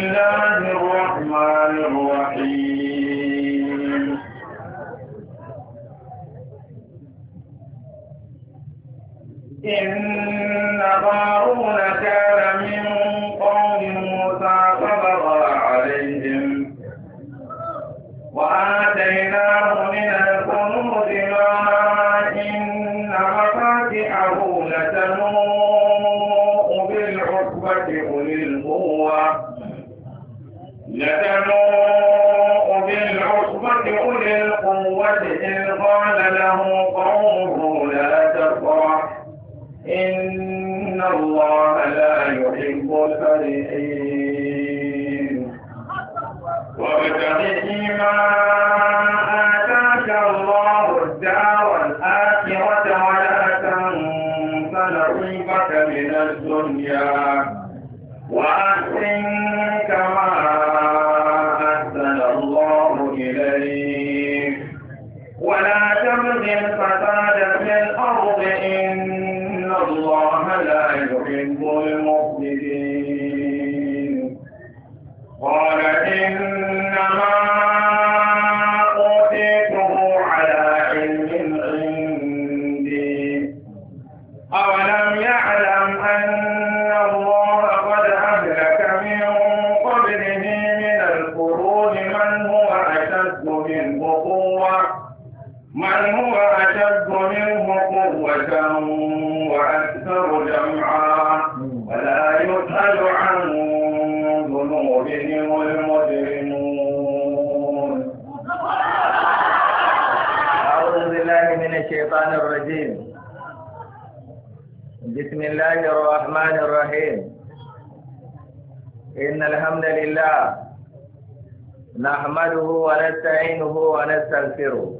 الله الرحمن الرحيم إن قارون كان من قوم موسى فبغى عليهم وآتيناه من الكنوز ما إن مفاتحه لتنوء بالعصبة أولي القوة لتنوء بالعصبة أولي القوة إن قال له قومه لا تفرح إن الله لا يحب الفرحين وابتغ فيما من الدنيا وأحسن الله إليك ولا تبغي الفساد في الأرض إن الله لا يحب المفسدين قال إنما من هو أشد منه قوة وأكثر جمعا ولا يسأل عن ذنوبهم المجرمون أعوذ بالله من الشيطان الرجيم بسم الله الرحمن الرحيم إن الحمد لله نحمده ونستعينه ونستغفره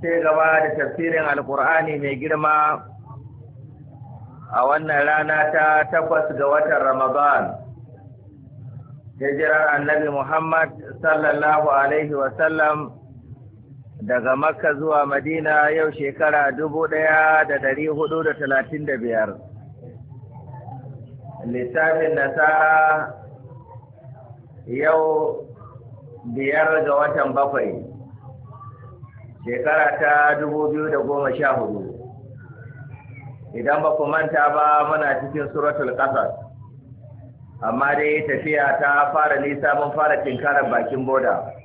sai gaba da tafsirin alkur'ani mai girma a wannan rana ta takwas ga watan ramadan hijirar annabi muhammad sallallahu alaihi wasallam daga makka zuwa madina yau shekara dubu ɗaya da dari hudu da talatin da biyar lissafin nasara yau biyar ga watan bakwai shekara ta dubu biyu da goma sha hudu idan ba ku manta ba muna cikin suratul ƙasar. amma dai tafiya ta fara nisa mun fara kinkarar bakin boda